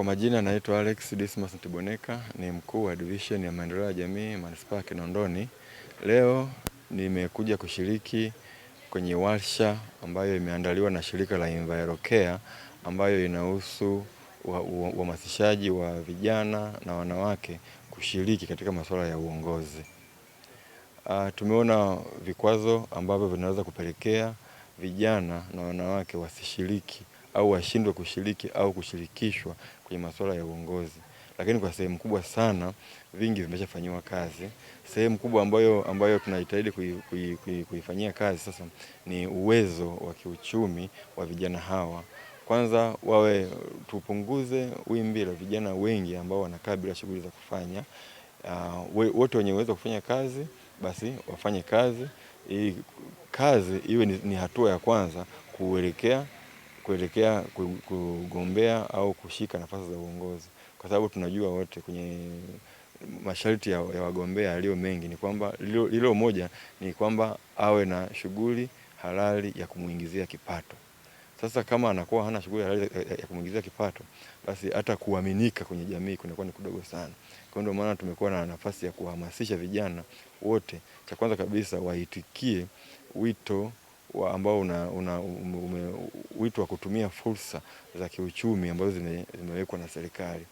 Kwa majina naitwa Alex Dismas Ntiboneka, ni mkuu wa division ya maendeleo ya jamii manispaa ya Kinondoni. Leo nimekuja kushiriki kwenye warsha ambayo imeandaliwa na shirika la Envirocare ambayo inahusu uhamasishaji wa, wa, wa vijana na wanawake kushiriki katika masuala ya uongozi. Uh, tumeona vikwazo ambavyo vinaweza kupelekea vijana na wanawake wasishiriki au washindwe kushiriki au kushirikishwa kwenye masuala ya uongozi, lakini kwa sehemu kubwa sana vingi vimeshafanyiwa kazi. Sehemu kubwa ambayo, ambayo tunahitaji kuifanyia kui, kui kazi sasa ni uwezo wa kiuchumi wa vijana hawa. Kwanza wawe tupunguze wimbi la vijana wengi ambao wanakaa bila shughuli za kufanya. Uh, wote wenye uwezo wa kufanya kazi basi wafanye kazi. i kazi iwe ni, ni hatua ya kwanza kuelekea kuelekea kugombea au kushika nafasi za uongozi, kwa sababu tunajua wote kwenye masharti ya, ya wagombea yaliyo mengi ni kwamba lilo moja ni kwamba awe na shughuli halali ya kumwingizia kipato. Sasa kama anakuwa hana shughuli halali ya, kumwingizia kipato, basi hata kuaminika kwenye jamii kunakuwa ni kudogo sana. Kwa ndio maana tumekuwa na nafasi ya kuhamasisha vijana wote, cha kwanza kabisa waitikie wito ambao umewitwa kutumia fursa za kiuchumi ambazo zimewekwa na serikali.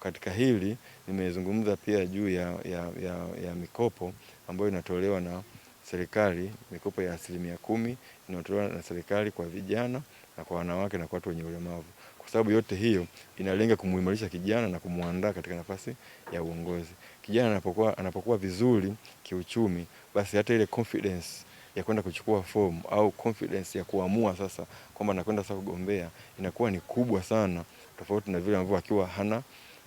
Katika hili nimezungumza pia juu ya, ya, ya, ya mikopo ambayo inatolewa na serikali, mikopo ya asilimia kumi inayotolewa na serikali kwa vijana na kwa wanawake na kwa watu wenye ulemavu, kwa sababu yote hiyo inalenga kumuimarisha kijana na kumwandaa katika nafasi ya uongozi. Kijana anapokuwa, anapokuwa vizuri kiuchumi, basi hata ile confidence ya kwenda kuchukua fomu au confidence ya kuamua sasa kwamba nakwenda sasa kugombea inakuwa ni kubwa sana, tofauti na vile ambavyo akiwa hana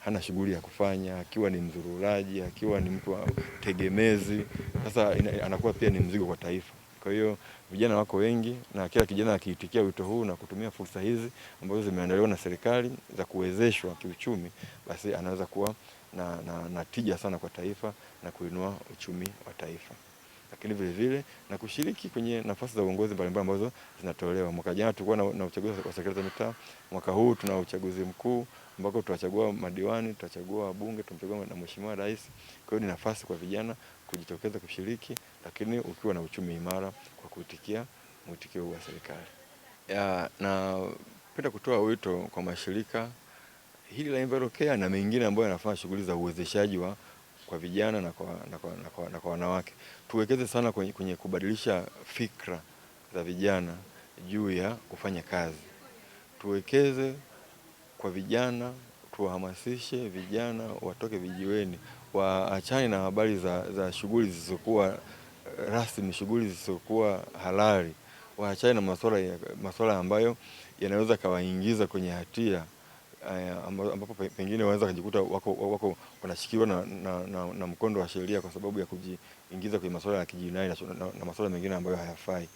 hana shughuli ya kufanya, akiwa ni mzururaji, akiwa ni mtu tegemezi, sasa anakuwa pia ni mzigo kwa taifa. Kwa hiyo vijana wako wengi, na kila kijana akiitikia wito huu na kutumia fursa hizi ambazo zimeandaliwa na serikali za kuwezeshwa kiuchumi, basi anaweza kuwa na, na, na tija sana kwa taifa na kuinua uchumi wa taifa lakini vile vile na kushiriki kwenye nafasi za uongozi mbalimbali ambazo zinatolewa. Mwaka jana tulikuwa na, na uchaguzi wa serikali za mitaa, mwaka huu tuna uchaguzi mkuu ambako tutachagua madiwani, tutachagua wabunge, tumchagua na mheshimiwa rais. Kwa hiyo ni nafasi kwa vijana kujitokeza kushiriki, lakini ukiwa na uchumi imara kwa kuitikia mwitikio huu wa serikali. Napenda kutoa wito kwa mashirika hili la Envirocare na mengine ambayo yanafanya shughuli za uwezeshaji wa kwa vijana na kwa, na kwa, na kwa, na kwa wanawake. Tuwekeze sana kwenye, kwenye kubadilisha fikra za vijana juu ya kufanya kazi. Tuwekeze kwa vijana, tuwahamasishe vijana watoke vijiweni, waachane na habari za, za shughuli zisizokuwa eh, rasmi, shughuli zisizokuwa halali, waachane na masuala ambayo yanaweza kawaingiza kwenye hatia. Eh, ambapo pengine wanaweza kujikuta wako, wako wanashikiwa na, na, na, na mkondo wa sheria kwa sababu ya kujiingiza kwenye masuala ya kijinai na, na, na masuala mengine ambayo hayafai.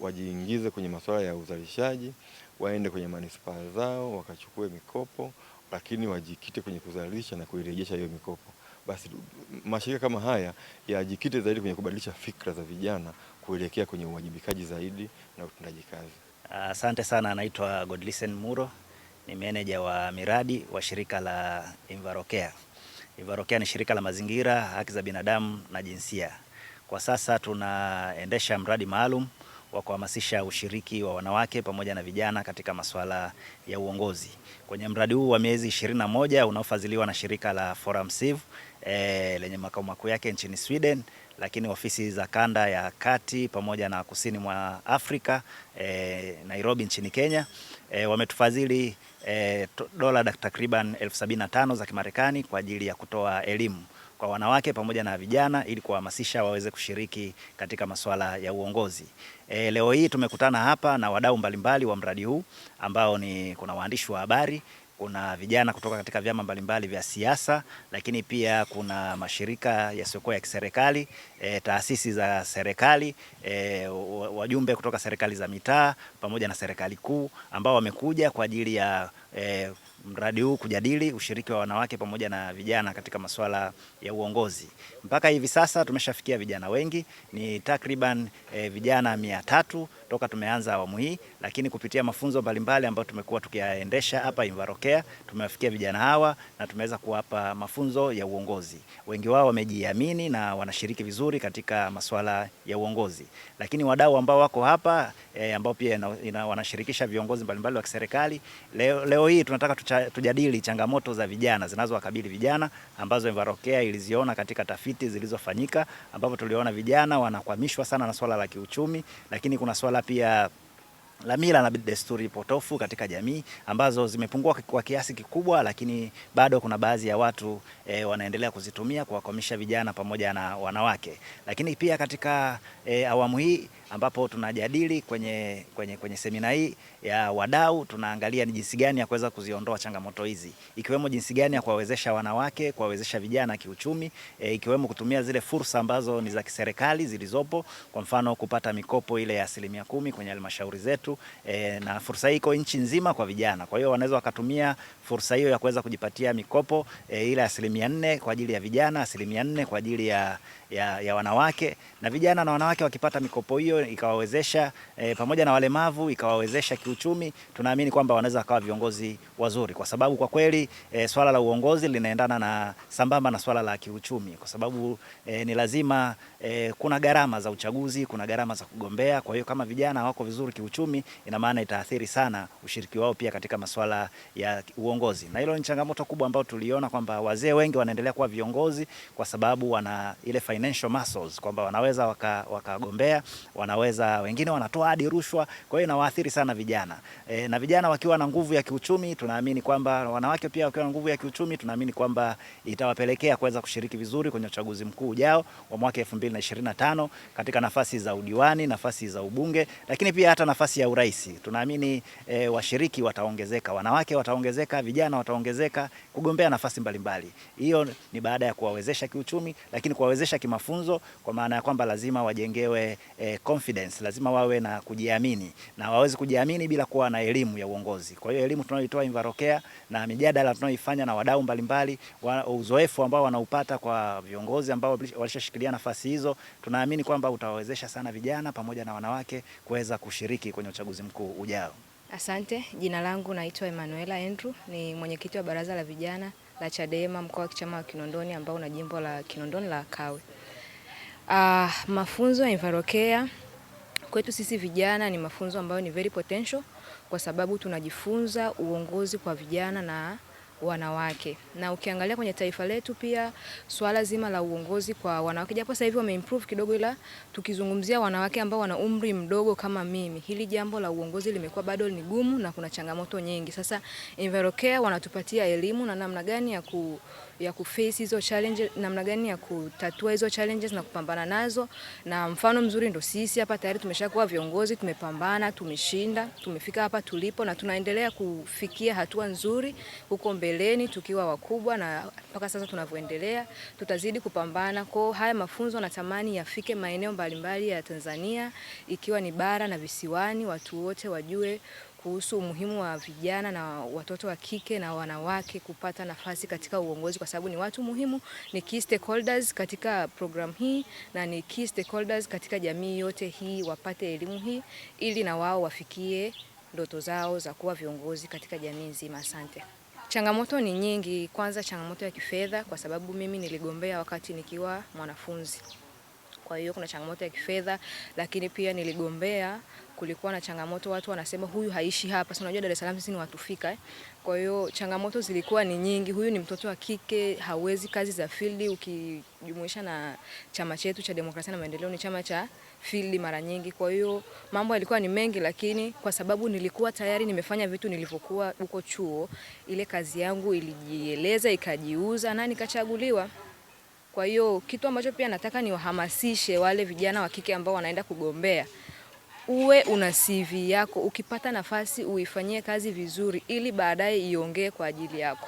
Wajiingize kwenye masuala ya uzalishaji, waende kwenye manispaa zao wakachukue mikopo, lakini wajikite kwenye kuzalisha na kuirejesha hiyo mikopo. Basi mashirika kama haya yajikite zaidi kwenye kubadilisha fikra za vijana kuelekea kwenye uwajibikaji zaidi na utendaji kazi. Asante sana. Anaitwa Godlisten Muro ni meneja wa miradi wa shirika la Envirocare. Envirocare ni shirika la mazingira, haki za binadamu na jinsia. Kwa sasa tunaendesha mradi maalum wa kuhamasisha ushiriki wa wanawake pamoja na vijana katika masuala ya uongozi. Kwenye mradi huu wa miezi 21 unaofadhiliwa na shirika la Forum Civ, eh, lenye makao makuu yake nchini Sweden lakini ofisi za kanda ya kati pamoja na kusini mwa Afrika e, Nairobi nchini Kenya e, wametufadhili e, dola takriban elfu sabini na tano za Kimarekani kwa ajili ya kutoa elimu kwa wanawake pamoja na vijana ili kuwahamasisha waweze kushiriki katika masuala ya uongozi. E, leo hii tumekutana hapa na wadau mbalimbali wa mradi huu ambao ni kuna waandishi wa habari kuna vijana kutoka katika vyama mbalimbali vya siasa, lakini pia kuna mashirika yasiyokuwa ya kiserikali e, taasisi za serikali e, wajumbe kutoka serikali za mitaa pamoja na serikali kuu ambao wamekuja kwa ajili ya e, mradi huu kujadili ushiriki wa wanawake pamoja na vijana katika masuala ya uongozi. Mpaka hivi sasa tumeshafikia vijana wengi, ni takriban e, vijana mia tatu toka tumeanza awamu hii, lakini kupitia mafunzo mbalimbali ambayo tumekuwa tukiyaendesha hapa Imvarocare, tumewafikia vijana hawa na tumeweza kuwapa mafunzo ya uongozi. Wengi wao wamejiamini na wanashiriki vizuri katika masuala ya uongozi, lakini wadau ambao wako hapa e, ambao pia ina, ina, wanashirikisha viongozi mbalimbali wa kiserikali leo, leo hii tunataka tucha, tujadili changamoto za vijana zinazowakabili vijana ambazo Imvarocare iliziona katika tafiti zilizofanyika ambapo tuliona vijana wanakwamishwa sana na swala la kiuchumi, lakini kuna swala tilapia la mila na desturi potofu katika jamii ambazo zimepungua kwa kiasi kikubwa, lakini bado kuna baadhi ya watu e, wanaendelea kuzitumia kuwakwamisha vijana pamoja na wanawake. Lakini pia katika e, awamu hii ambapo tunajadili kwenye, kwenye, kwenye semina hii ya wadau, tunaangalia ni jinsi gani ya kuweza kuziondoa changamoto hizi, ikiwemo jinsi gani ya kuwawezesha wanawake, kuwawezesha vijana kiuchumi e, ikiwemo kutumia zile fursa ambazo ni za kiserikali zilizopo, kwa mfano kupata mikopo ile ya asilimia kumi kwenye halmashauri zetu tu e, na fursa hii iko nchi nzima kwa vijana. Kwa hiyo wanaweza wakatumia fursa hiyo ya kuweza kujipatia mikopo e, ile asilimia nne kwa ajili ya vijana, asilimia nne kwa ajili ya, ya, ya wanawake na vijana na wanawake wakipata mikopo hiyo ikawawezesha e, pamoja na walemavu ikawawezesha kiuchumi, tunaamini kwamba wanaweza wakawa viongozi wazuri, kwa sababu kwa kweli e, swala la uongozi linaendana na sambamba na swala la kiuchumi, kwa sababu e, ni lazima e, kuna gharama za uchaguzi, kuna gharama za kugombea. Kwa hiyo kama vijana wako vizuri kiuchumi kiuchumi, ina maana itaathiri sana ushiriki wao pia katika masuala ya uongozi, na hilo ni changamoto kubwa ambayo tuliona kwamba wazee wengi wanaendelea kuwa viongozi kwa sababu wana ile financial muscles kwamba wanaweza wakagombea waka wanaweza wengine wanatoa hadi rushwa, kwa hiyo inawaathiri sana vijana e, na vijana wakiwa na nguvu ya kiuchumi tunaamini kwamba wanawake pia wakiwa na nguvu ya kiuchumi tunaamini kwamba itawapelekea kuweza kushiriki vizuri kwenye uchaguzi mkuu ujao wa mwaka 2025 katika nafasi za udiwani, nafasi za ubunge, lakini pia hata nafasi ya ya urais. Tunaamini e, washiriki wataongezeka, wanawake wataongezeka, vijana wataongezeka kugombea nafasi mbalimbali. Hiyo ni baada ya kuwawezesha kiuchumi, lakini kuwawezesha kimafunzo, kwa maana ya kwamba lazima wajengewe e, confidence, lazima wawe na kujiamini, na waweze kujiamini bila kuwa na elimu ya uongozi. Kwa hiyo elimu tunayoitoa Invarokea na mijadala tunayoifanya na wadau mbalimbali, uzoefu ambao wanaupata kwa viongozi ambao walishashikilia nafasi hizo, tunaamini kwamba utawawezesha sana vijana pamoja na wanawake kuweza kushiriki kwenye uchaguzi mkuu ujao. Asante. Jina langu naitwa Emanuela Andrew, ni mwenyekiti wa baraza la vijana la Chadema mkoa wa kichama wa Kinondoni ambao una jimbo la Kinondoni la Kawe. Uh, mafunzo ya Envirocare kwetu sisi vijana ni mafunzo ambayo ni very potential kwa sababu tunajifunza uongozi kwa vijana na wanawake. Na ukiangalia kwenye taifa letu pia swala zima la uongozi kwa wanawake, japo sasa hivi wameimprove kidogo, ila tukizungumzia wanawake ambao wana umri mdogo kama mimi, hili jambo la uongozi limekuwa bado ni gumu na kuna changamoto nyingi. Sasa Envirocare wanatupatia elimu na namna gani ya ku ya kuface hizo challenge, namna gani ya kutatua hizo challenges na kupambana nazo. Na mfano mzuri ndo sisi hapa tayari tumeshakuwa viongozi, tumepambana, tumeshinda, tumefika hapa tulipo na tunaendelea kufikia hatua nzuri huko mbeleni tukiwa wakubwa, na mpaka sasa tunavyoendelea tutazidi kupambana. Kwa haya mafunzo natamani yafike maeneo mbalimbali ya Tanzania, ikiwa ni bara na visiwani, watu wote wajue kuhusu umuhimu wa vijana na watoto wa kike na wanawake kupata nafasi katika uongozi, kwa sababu ni watu muhimu, ni key stakeholders katika program hii na ni key stakeholders katika jamii yote hii, wapate elimu hii ili na wao wafikie ndoto zao za kuwa viongozi katika jamii nzima. Asante. Changamoto ni nyingi. Kwanza changamoto ya kifedha, kwa sababu mimi niligombea wakati nikiwa mwanafunzi kwa hiyo kuna changamoto ya kifedha, lakini pia niligombea, kulikuwa na changamoto, watu wanasema huyu haishi hapa. Sasa unajua Dar es Salaam sisi ni watu fika eh. Kwa hiyo changamoto zilikuwa ni nyingi, huyu ni mtoto wa kike, hawezi kazi za field. Ukijumuisha na chama chetu cha demokrasia na maendeleo, ni chama cha field mara nyingi. Kwa hiyo mambo yalikuwa ni mengi, lakini kwa sababu nilikuwa tayari nimefanya vitu nilivyokuwa huko chuo, ile kazi yangu ilijieleza, ikajiuza na nikachaguliwa. Kwa hiyo kitu ambacho pia nataka niwahamasishe wale vijana wa kike ambao wanaenda kugombea, uwe una CV yako, ukipata nafasi uifanyie kazi vizuri, ili baadaye iongee kwa ajili yako.